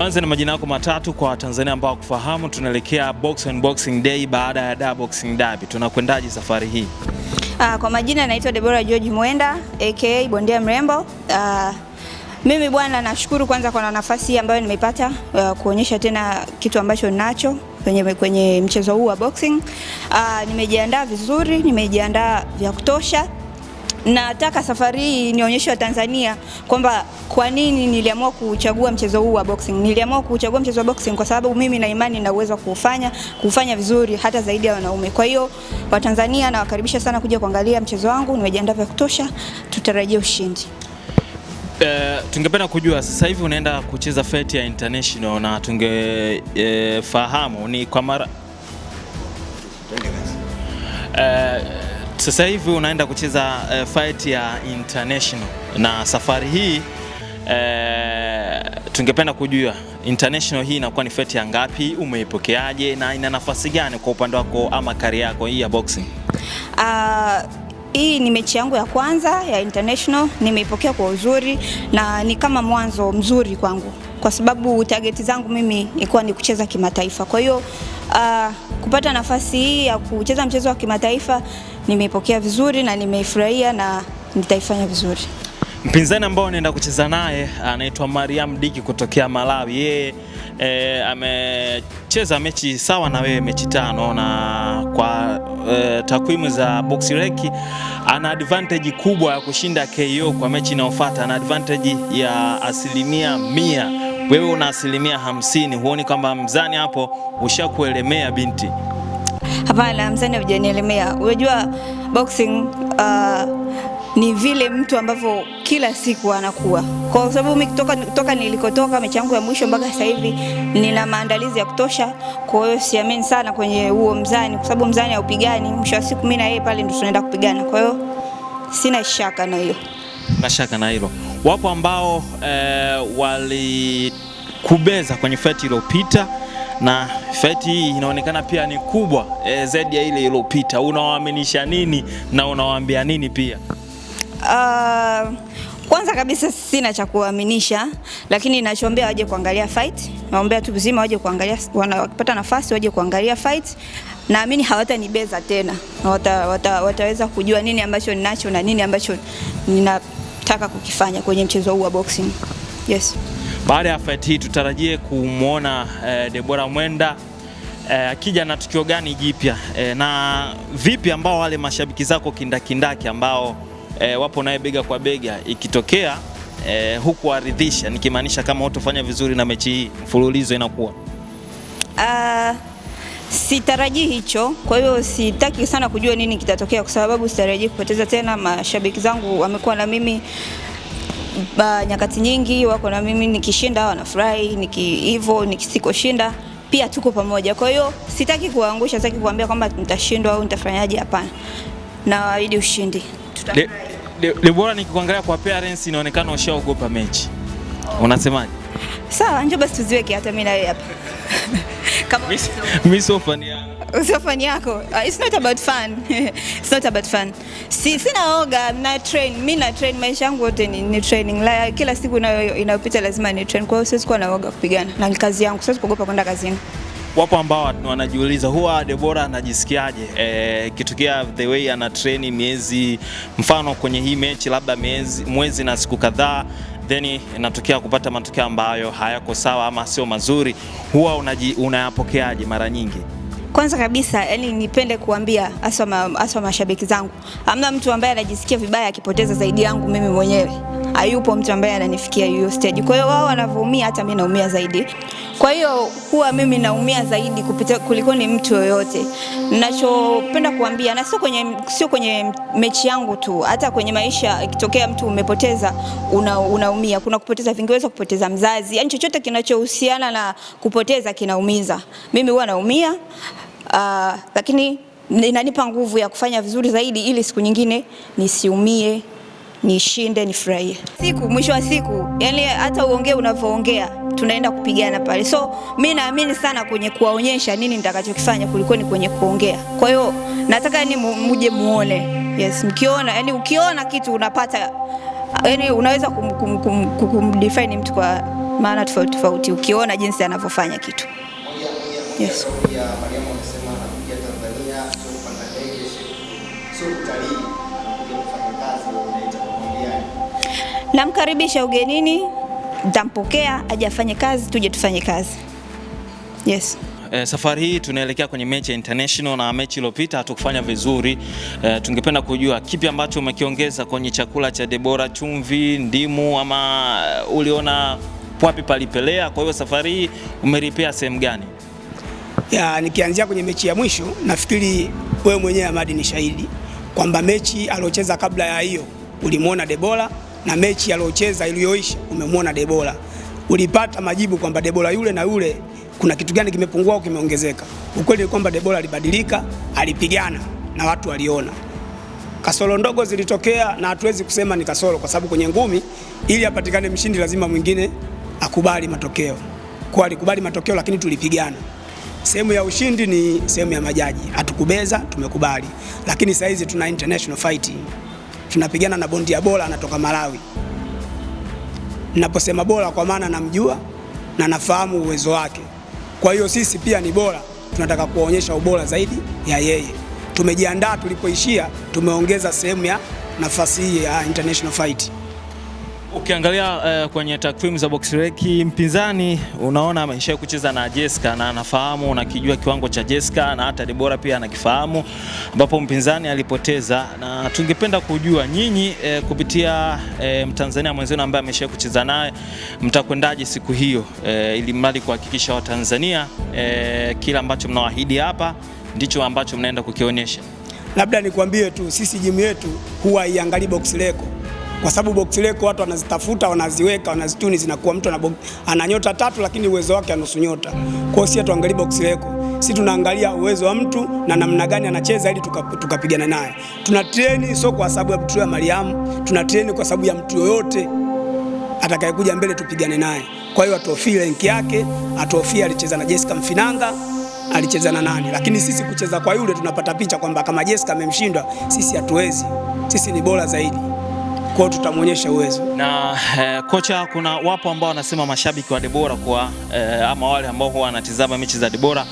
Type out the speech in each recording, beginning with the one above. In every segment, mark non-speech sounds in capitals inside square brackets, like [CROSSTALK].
Anze na majina yako matatu kwa Tanzania ambao kufahamu, tunaelekea box on boxing day baada ya da boxing derby, tunakwendaje safari hii? Uh, kwa majina naitwa Debora George Mwenda aka Bondia Mrembo. Uh, mimi bwana, nashukuru kwanza kwa nafasi hii ambayo nimepata uh, kuonyesha tena kitu ambacho ninacho kwenye, kwenye mchezo huu wa boxing. Uh, nimejiandaa vizuri, nimejiandaa vya kutosha nataka safari hii nionyeshe Watanzania kwamba kwa nini niliamua kuchagua mchezo huu wa boxing. Niliamua kuchagua mchezo wa boxing kwa sababu mimi na imani na uwezo wa kufanya kufanya vizuri hata zaidi ya wanaume. Kwa hiyo Watanzania nawakaribisha sana kuja kuangalia mchezo wangu, nimejiandaa vya kutosha, tutarajia ushindi. Uh, tungependa kujua sasa hivi unaenda kucheza fight ya international na tungefahamu eh, uh, ni kwa mara uh, sasa hivi unaenda kucheza uh, fight ya international na safari hii uh, tungependa kujua international hii inakuwa ni fight ya ngapi, umeipokeaje na ina nafasi gani kwa upande wako ama kari yako hii ya boxing? Uh, hii ni mechi yangu ya kwanza ya international, nimeipokea kwa uzuri na ni kama mwanzo mzuri kwangu, kwa sababu target zangu mimi ilikuwa ni kucheza kimataifa, kwa hiyo uh, kupata nafasi hii ya kucheza mchezo wa kimataifa nimeipokea vizuri na nimeifurahia na nitaifanya vizuri. Mpinzani ambao anaenda kucheza naye anaitwa Mariam Diki kutokea Malawi. Yeye e, amecheza mechi sawa na wewe mechi tano, na kwa e, takwimu za Box ana advantage kubwa ya kushinda KO kwa mechi inayofuata, ana advantage ya asilimia mia wewe una asilimia hamsini, huoni kwamba mzani hapo ushakuelemea binti? Hapana, mzani haujanielemea. Unajua boxing uh, ni vile mtu ambavyo kila siku anakuwa, kwa sababu mimi kutoka, kutoka nilikotoka mechi yangu ya mwisho mpaka sasa hivi nina maandalizi ya kutosha. Kwa hiyo siamini sana kwenye huo mzani, kwa sababu mzani haupigani. Mwisho wa siku mimi na yeye pale ndio tunaenda kupigana, kwa hiyo sina shaka na hiyo, na shaka na hilo. Wapo ambao e, walikubeza kwenye feti iliyopita na feti hii inaonekana pia ni kubwa e, zaidi ya ile iliyopita. Unawaaminisha nini na unawaambia nini pia? Uh, kwanza kabisa sina cha kuwaaminisha, lakini nachoambia waje kuangalia fight. Naombea tu mzima waje kuangalia, wanapata nafasi waje kuangalia fight. Naamini hawatanibeza tena, wata, wata, wataweza kujua nini ambacho ninacho na nini ambacho nina anachotaka kukifanya kwenye mchezo huu wa boxing. Yes. Baada ya fight hii tutarajie kumwona eh, Debora Mwenda eh, akija eh, na tukio gani jipya eh, na vipi ambao wale mashabiki zako kindakindaki ambao eh, wapo naye bega kwa bega ikitokea eh, huku aridhisha nikimaanisha kama fanya vizuri na mechi hii mfululizo inakuwa uh... Sitarajii hicho, kwa hiyo sitaki sana kujua nini kitatokea, kwa sababu sitarajii kupoteza tena. Mashabiki zangu wamekuwa na mimi ba, nyakati nyingi, wako na mimi, nikishinda wanafurahi, niki hivyo nikisikoshinda pia tuko pamoja. Kwa hiyo sitaki kuangusha, sitaki kuambia kwamba nitashindwa au nitafanyaje. Hapana, nawaahidi ushindi. Debora, nikikuangalia kwa parents inaonekana ushaogopa mechi, unasemaje? Sawa, njoo basi tuziweke hata mimi na wewe hapa [LAUGHS] mi sio fan yako. Sio fan yako. Uh, it's not about fun. [LAUGHS] It's not about fun. Si sina oga, na train. mi na train maisha yangu yote ni, ni training. kila siku inayopita lazima ni train. Kwa hiyo siwezi kuwa na oga kupigana na kazi yangu. Siwezi kuogopa kwenda kazini. Wapo ambao wanajiuliza huwa Debora anajisikiaje e, eh, kitokea the way ana train miezi, mfano kwenye hii mechi labda miezi, mwezi na siku kadhaa then inatokea kupata matokeo ambayo hayako sawa ama sio mazuri, huwa unayapokeaje mara nyingi? Kwanza kabisa yani, nipende kuambia haswa mashabiki zangu, hamna mtu ambaye anajisikia vibaya akipoteza zaidi yangu mimi mwenyewe hayupo mtu ambaye ananifikia hiyo stage. Kwa hiyo wao wanavyoumia, hata mimi naumia zaidi. Kwa hiyo huwa mimi naumia zaidi kupita kuliko ni mtu yoyote. Ninachopenda kuambia, na sio kwenye, sio kwenye mechi yangu tu, hata kwenye maisha. Ikitokea mtu umepoteza, unaumia. kuna kupoteza vingiweza kupoteza mzazi, yani chochote kinachohusiana na kupoteza kinaumiza. Mimi huwa naumia uh, lakini inanipa nguvu ya kufanya vizuri zaidi ili siku nyingine nisiumie nishinde, nifurahie siku. Mwisho wa siku, yani hata uongee unavyoongea, tunaenda kupigana pale. So mi naamini sana kwenye kuwaonyesha nini nitakachokifanya kuliko ni kwenye kuongea. Kwa hiyo nataka yani muje muone, yes, mkiona, yani ukiona kitu unapata, yani unaweza kumdefine kum, kum, kum mtu kwa maana tofauti tofauti, ukiona jinsi anavyofanya kitu yes. namkaribisha ugenini, ntampokea aje afanye kazi, tuje tufanye kazi. Yes. Eh, safari hii tunaelekea kwenye mechi ya international na mechi iliyopita hatukufanya vizuri. Eh, tungependa kujua kipi ambacho umekiongeza kwenye chakula cha Debora, chumvi, ndimu ama uliona wapi palipelea? Kwa hiyo safari hii umeripea sehemu gani? Ya, nikianzia kwenye mechi ya mwisho, nafikiri wewe mwenyewe amadi ni shahidi kwamba mechi aliocheza kabla ya hiyo ulimwona Debora na mechi aliyocheza iliyoisha, umemwona Debora, ulipata majibu kwamba Debora yule na yule kuna kitu gani kimepungua au kimeongezeka. Ukweli ni kwamba Debora alibadilika, alipigana na watu waliona kasoro ndogo zilitokea, na hatuwezi kusema ni kasoro, kwa sababu kwenye ngumi ili apatikane mshindi lazima mwingine akubali matokeo. Kwa alikubali matokeo, lakini tulipigana. Sehemu ya ushindi ni sehemu ya majaji, hatukubeza, tumekubali, lakini saizi tuna international fighting, tunapigana na bondia bora anatoka Malawi. Naposema bora kwa maana namjua na nafahamu uwezo wake, kwa hiyo sisi pia ni bora, tunataka kuwaonyesha ubora zaidi ya yeye. Tumejiandaa, tulipoishia tumeongeza sehemu ya nafasi hii ya international fight. Ukiangalia uh, kwenye takwimu za box rec mpinzani unaona ameisha kucheza na Jessica na anafahamu na kijua kiwango cha Jessica na hata Debora pia anakifahamu ambapo mpinzani alipoteza, na tungependa kujua nyinyi uh, kupitia uh, Mtanzania mwenzenu ambaye ameisha kucheza naye mtakwendaje siku hiyo uh, ili mradi kuhakikisha Watanzania uh, kila ambacho mnawaahidi hapa ndicho ambacho mnaenda kukionyesha. Labda nikwambie tu sisi jimu yetu huwa iangalie box rec kwa sababu box leko watu wanazitafuta, wanaziweka, wanazituni, zinakuwa mtu ana nyota tatu, lakini uwezo wake nusu nyota. Kwa hiyo sisi tuangalie box leko, sisi tunaangalia uwezo wa mtu na namna gani anacheza ili tukapigana tuka naye. Tuna train sio kwa sababu ya mtu ya Mariamu, tuna train kwa sababu ya mtu yoyote atakayekuja mbele tupigane naye. Kwa hiyo atuhofie rank yake, atuhofie alicheza na Jessica Mfinanga alicheza na nani, lakini sisi kucheza kwa yule tunapata picha kwamba kama Jessica amemshindwa sisi hatuwezi, sisi ni bora zaidi kwao tutamwonyesha uwezo. Na eh, kocha, kuna wapo ambao wanasema mashabiki wa Debora kwa eh, ama wale ambao huwa wanatizama mechi za Debora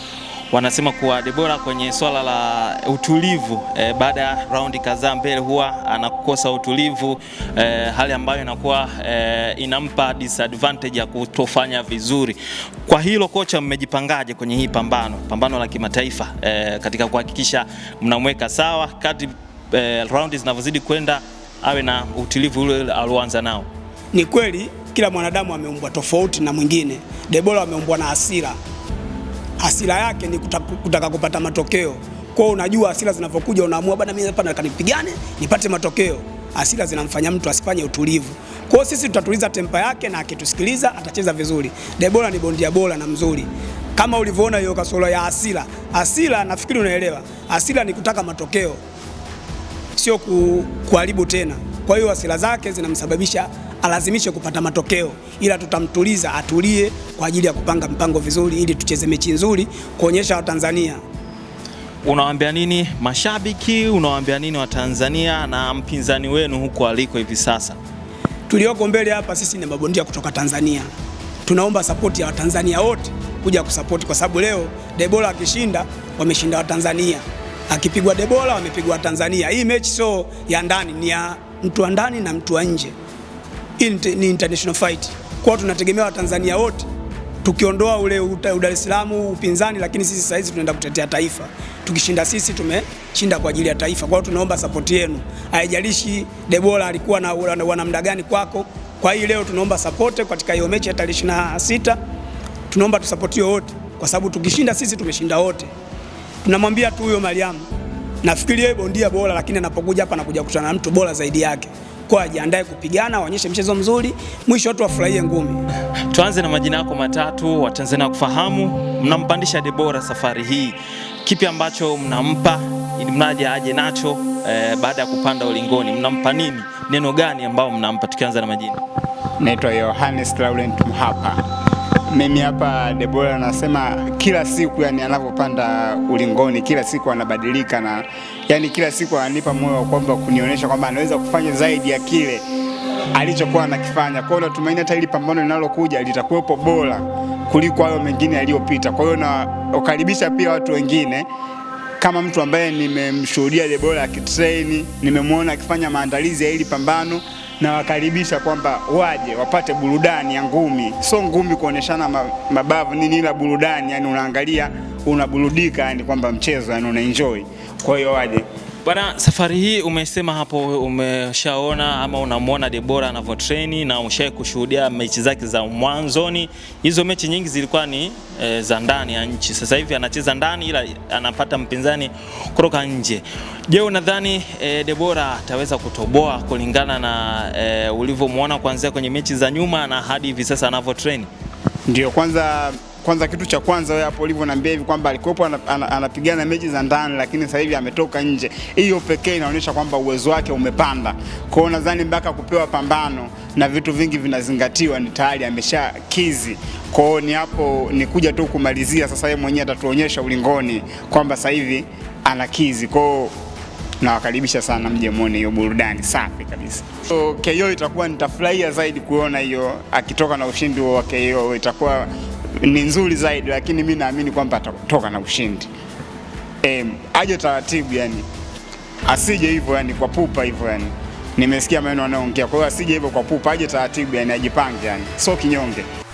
wanasema kuwa Debora kwenye swala la utulivu e, baada ya raundi kadhaa mbele huwa anakosa utulivu e, hali ambayo inakuwa e, inampa disadvantage ya kutofanya vizuri. Kwa hilo kocha, mmejipangaje kwenye hii pambano pambano la kimataifa e, katika kuhakikisha mnamweka sawa kadri e, raundi zinavyozidi kwenda? awe na utulivu ule alioanza nao. Ni kweli kila mwanadamu ameumbwa tofauti na mwingine. Debora ameumbwa na hasira, hasira yake ni kutaka, kutaka kupata matokeo. Kwa hiyo unajua hasira zinavyokuja, unaamua bana, mimi hapa nataka nipigane nipate matokeo. Hasira zinamfanya mtu asifanye utulivu. Kwa hiyo sisi tutatuliza tempa yake, na akitusikiliza atacheza vizuri. Debora ni bondia bora na mzuri kama ulivyoona hiyo kasoro ya hasira. Hasira nafikiri unaelewa, hasira ni kutaka matokeo sio kuharibu tena. Kwa hiyo hasira zake zinamsababisha alazimishe kupata matokeo, ila tutamtuliza atulie kwa ajili ya kupanga mpango vizuri, ili tucheze mechi nzuri kuonyesha Watanzania. Unawaambia nini mashabiki? Unawaambia nini Watanzania na mpinzani wenu huko aliko hivi sasa? Tulioko mbele hapa sisi ni mabondia kutoka Tanzania, tunaomba sapoti ya Watanzania wote kuja kusapoti, kwa sababu leo Debora akishinda wameshinda Watanzania akipigwa Debora wamepigwa Tanzania. Hii mechi sio ya ndani, ni ya mtu wa ndani na mtu wa nje. Hii ni international fight. Kwa tunategemea Watanzania wote tukiondoa ule Dar es Salaam upinzani, lakini sisi sasa hizi tunaenda kutetea taifa. Tukishinda sisi tumeshinda kwa ajili ya taifa. Kwa hiyo tunaomba sapoti yenu, haijalishi Debora alikuwa na wanamda gani kwako. Kwa hiyo leo tunaomba support katika hiyo mechi ya tarehe 26, tunaomba tusapotiwe wote, kwa sababu tukishinda sisi tumeshinda wote tunamwambia tu huyo Mariamu, nafikiri yeye bondia bora, lakini anapokuja hapa anakuja kukutana na mtu bora zaidi yake. Kwa ajiandae kupigana, waonyeshe mchezo mzuri, mwisho watu wafurahie ngumi. Tuanze na majina yako matatu, Watanzania kufahamu. Mnampandisha Debora safari hii, kipi ambacho mnampa ili mnaje aje nacho eh, baada ya kupanda ulingoni? Mnampa nini, neno gani ambao mnampa? Tukianza na majina, naitwa Yohanes Laurent Mhapa. Mimi hapa Debora anasema kila siku, yani anapopanda ulingoni kila siku anabadilika, na yani kila siku ananipa moyo wa kwamba kunionyesha kwamba anaweza kufanya zaidi ya kile alichokuwa anakifanya. Kwa hiyo natumaini hata ile pambano linalokuja litakuwepo bora kuliko hayo mengine yaliyopita. Kwa hiyo nawakaribisha pia watu wengine kama mtu ambaye nimemshuhudia Debora akitrain, nimemwona akifanya maandalizi ya hili pambano nawakaribisha kwamba waje wapate burudani ya ngumi, sio ngumi kuoneshana mabavu nini, ila burudani, yani unaangalia unaburudika, yani kwamba mchezo, yani unaenjoy. Kwa hiyo waje. Bwana, safari hii umesema hapo, umeshaona ama unamwona Debora anavyotreni na umeshawahi kushuhudia mechi zake za mwanzoni. Hizo mechi nyingi zilikuwa ni e, za ndani ya nchi. Sasa hivi anacheza ndani, ila anapata mpinzani kutoka nje. Je, unadhani e, eh, Debora ataweza kutoboa kulingana na e, ulivyomwona kuanzia kwenye mechi za nyuma na hadi hivi sasa anavyotreni? Ndio, kwanza kwanza, kitu cha kwanza wewe hapo ulivyoniambia hivi kwamba alikuwa anapigana ana, ana mechi za ndani, lakini sasa hivi ametoka nje, hiyo pekee inaonyesha kwamba uwezo wake umepanda. Kwa hiyo nadhani mpaka kupewa pambano na vitu vingi vinazingatiwa, ni tayari amesha kizi. Kwa hiyo ni hapo ni kuja tu kumalizia, sasa yeye mwenyewe atatuonyesha ulingoni kwamba sasa hivi anakizi. Kwa hiyo nawakaribisha sana mje muone hiyo burudani safi kabisa. So KO itakuwa nitafurahia zaidi kuona hiyo akitoka na ushindi wa KO itakuwa ni nzuri zaidi, lakini mi naamini kwamba atatoka na ushindi. E, aje taratibu yani, asije hivyo yani kwa pupa hivyo yani. Nimesikia maneno anayoongea, kwa hiyo asije hivyo kwa pupa, aje taratibu yani, ajipange yani, sio kinyonge.